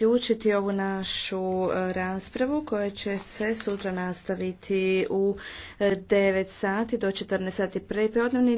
zaključiti ovu našu e, raspravu koja će se sutra nastaviti u 9 e, sati do 14 sati prepodnevni